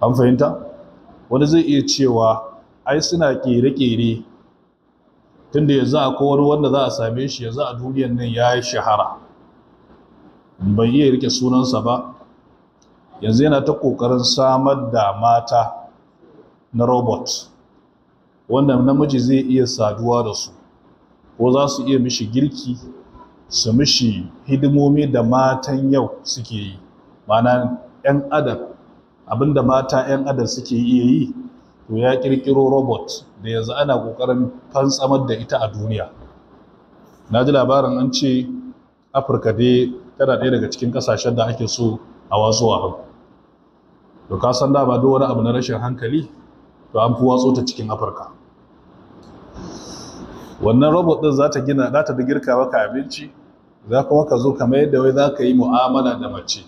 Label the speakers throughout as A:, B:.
A: an fahimta wani zai iya cewa ai suna ƙere-ƙere tunda yanzu akwai wani wanda za a same shi yanzu a duniyar nan ya yi shahara bai iya rike sunansa ba yanzu yana ta ƙoƙarin samar da mata na robot wanda namiji zai iya saduwa da su ko za su iya mishi girki su mishi hidimomi da matan yau suke yi mana 'yan adam abinda mata 'yan adam suke iya yi to ya kirkiro robot da yanzu ana kokarin fantsamar da ita a duniya na ji labarin an ce afirka dai tana ɗaya daga cikin ƙasashen da ake so a wasu wahan to ka san da ba duk wani abu na rashin hankali to an fi watsu ta cikin afirka wannan robot ɗin za ta gina za ta girka maka abinci za kuma ka zo kamar yadda wai za ka yi mu'amala da mace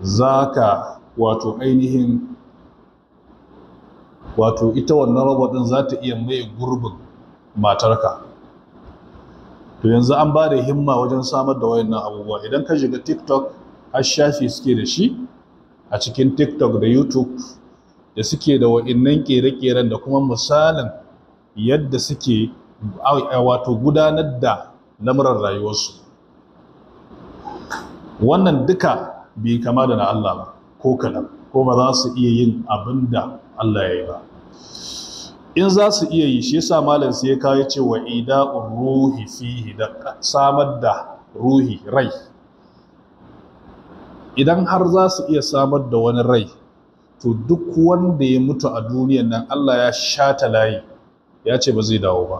A: za ka wato ainihin wato ita wannan robot din za ta iya mai gurbin matarka to yanzu an ba da himma wajen samar da wayannan abubuwa idan ka shiga tiktok har shafi suke da shi a cikin tiktok da youtube da suke da wa'innan kere-keren da kuma misalin yadda suke eh, wato gudanar da lamuran rayuwarsu wannan duka bai kama da na Allah ba ko kaɗan ko ba za su iya yin abin da Allah ya yi ba in za su iya yi shi yasa malam sai ya kawo ce wa ida ruhi fihi da samar da ruhi rai idan har za su iya samar da wani rai to duk wanda ya mutu a duniyan nan Allah ya shata layi ya ce ba zai dawo ba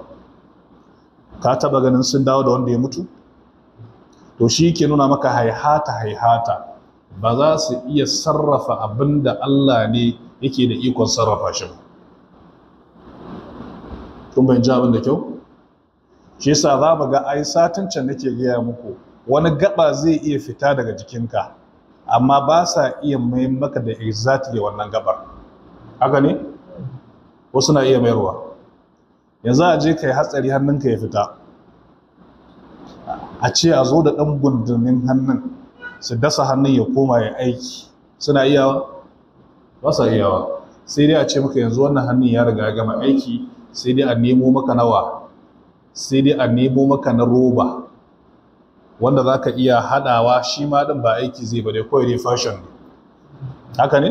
A: ka taba ganin sun dawo da wanda ya mutu to shi ke nuna maka haihata haihata ba za su iya sarrafa abin da Allah ne yake da ikon sarrafa shi ba kun bayan abin da kyau shi sa za mu ga ai satin can nake gaya muku wani gaba zai iya fita daga jikinka amma ba sa iya mai maka da exactly wannan gabar haka ne wasu na iya mayarwa yanzu a je ka yi hatsari hannunka ya fita a ce a zo da ɗan gundumin hannun su dasa hannun ya koma ya aiki suna iyawa ba sa iyawa sai dai a ce maka yanzu wannan hannun ya riga ya gama aiki sai dai a nemo maka nawa sai dai a nemo maka na roba wanda za ka iya haɗawa shi ma ɗin ba aiki zai ba dai kawai dai fashion ne haka ne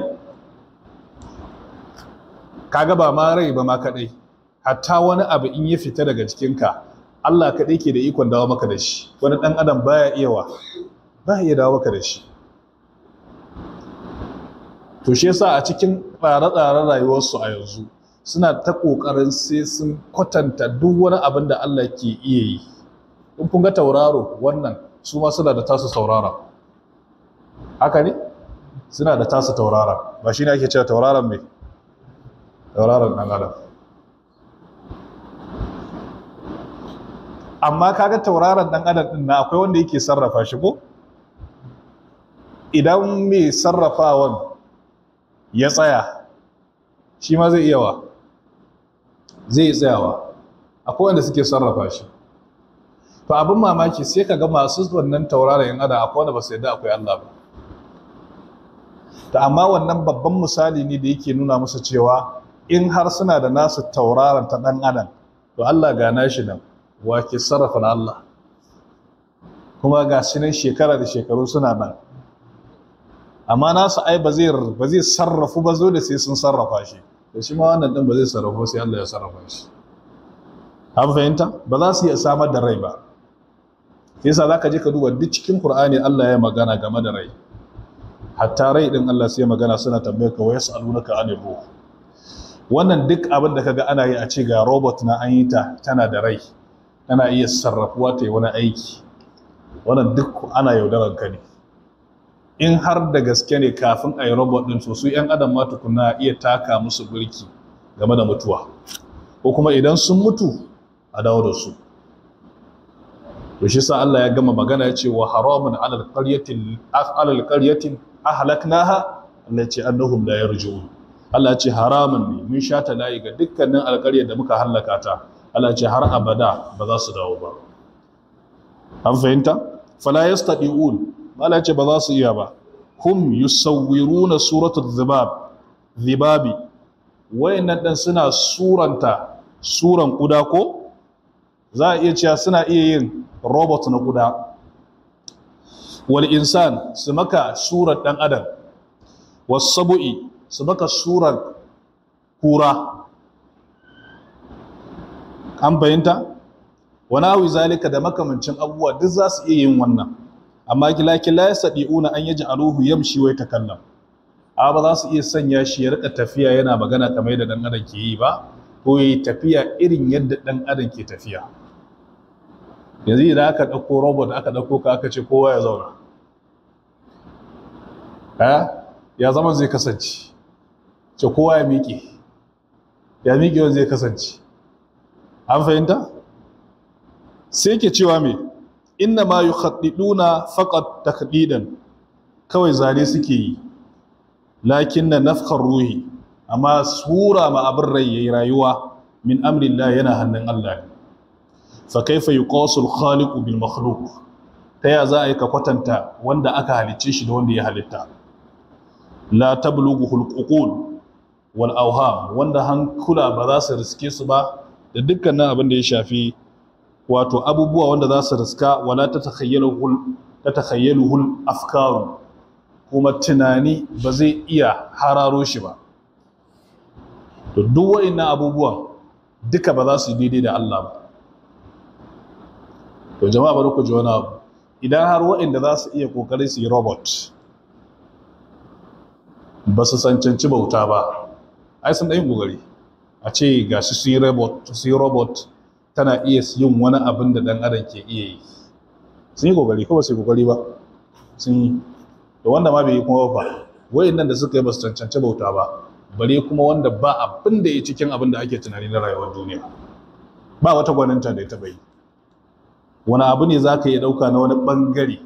A: kaga ba ma rai ba ma kaɗai hatta wani abu in ya fita daga jikinka Allah kaɗai ke da ikon dawo maka da shi wani ɗan adam baya iya wa za a iya dawo maka da shi to shi yasa a cikin tsare-tsaren rayuwarsu a yanzu suna ta ƙoƙarin sai sun kwatanta duk wani abin da Allah ke iya yi in kun ga tauraro wannan su ma suna da tasu saurara haka ne suna da tasu taurara ba shi ne ake cewa tauraron mai tauraron ɗan adam amma kaga tauraron ɗan adam ɗin na akwai wanda yake sarrafa shi ko idan mai sarrafawan ya tsaya shi ma zai iyawa zai yi tsayawa akwai wanda suke sarrafa shi to abin mamaki sai ka ga masu wannan tauraron yan adam akwai wanda ba su yadda akwai Allah ba ta amma wannan babban misali ne da yake nuna musu cewa in har suna da nasu tauraron ta dan adam to Allah ga nashi nan wake sarrafa na Allah kuma ga shi nan shekara da shekaru suna nan amma nasu ai ba zai ba zai sarrafu ba zo da sai sun sarrafa shi da shi ma wannan din ba zai sarrafu sai Allah ya sarrafa shi an fahimta ba za su iya samar da rai ba sa zaka je ka duba duk cikin Qur'ani Allah ya magana game da rai hatta rai din Allah sai magana suna tambayar ka wa yasalunaka ka ruh wannan duk abin da kaga ana yi a ce ga robot na an yi ta tana da rai tana iya sarrafuwa ta yi wani aiki wannan duk ana yaudarar ka ne in har da gaske ne kafin a yi robot ɗin to su 'yan adam ma tukuna iya taka musu birki game da mutuwa ko kuma idan sun mutu a dawo da su to shi sa Allah ya gama magana ya ce wa haramun alal qaryatin alal qaryatin ahlaknaha ce annahum la yarji'un Allah ya ce haramun ne mun shata layi ga dukkanin alƙaryar da muka hallaka ta Allah ya ce har abada ba za su dawo ba an fahimta fala yastadiun mala ce ba za su iya ba hum yusawwiruna na dhibab zibabi wayannan dan suna suranta suran kuda ko za a iya cewa suna iya yin robot na kuda wal insan su maka suran dan adam wasabu'i su maka suran kura an fahimta wani awi zalika da makamancin abubuwa duk za su iya yin wannan amma lakin la yastadi'una an yaji aluhu yamshi wai yatakallam a ba za su iya sanya shi ya rika tafiya yana magana kamar yadda dan adam ke yi ba ko yi tafiya irin yadda dan adam ke tafiya yanzu idan aka dauko robot aka dauko ka aka ce kowa ya zauna ha ya zama zai kasance ce kowa ya miƙe ya miƙe zai kasance an fahimta sai ke cewa me inna ma yukhaddiduna faqat takdidan kawai zane suke yi lakin na nafkar ruhi amma sura ma abin rai yayi rayuwa min amrillah yana hannun Allah fa kaifa yuqasul khaliqu bil makhluq ta ya za a yi ka kwatanta wanda aka halicce shi da wanda ya halitta la tablughu hulququl wal awham wanda hankula ba za su riske su ba da dukkanin abin da ya shafi wato abubuwa wanda za su riska wala ta hul afkaru kuma tunani ba zai iya hararo shi ba to duk wa'annan abubuwa duka ba za su yi daidai da Allah ba to jama'a bari ku ji wani abu idan har wa'anda za su iya kokarin su yi robot ba su san cancanci bauta ba ai sun ɗayin kokari a ce ga shi su yi robot tana iya yin wani abin da dan adam ke iya yi sun yi ƙoƙari, ko ba su yi ƙoƙari ba sun yi da wanda ma bai yi kuma ba wayan nan da suka yi ba su cancanci bauta ba bare kuma wanda ba abin da ya cikin abin da ake tunani na rayuwar duniya ba wata gwaninta da ya taba yi wani abu ne za ka yi ɗauka na wani ɓangare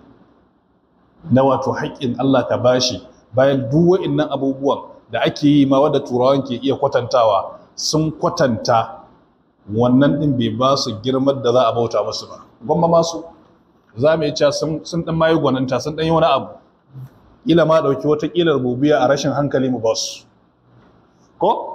A: na wato haƙƙin Allah ka bashi bayan duk wa'innan abubuwan da ake yi ma wadda turawan ke iya kwatantawa sun kwatanta wannan ɗin bai ba su girman da za a bauta masu ba gwamma masu za mu yi cewa sun ɗan mayu gwaninta sun dan yi wani abu ila ma ɗauki wata ƙilar bubiya a rashin hankali mu ba su ko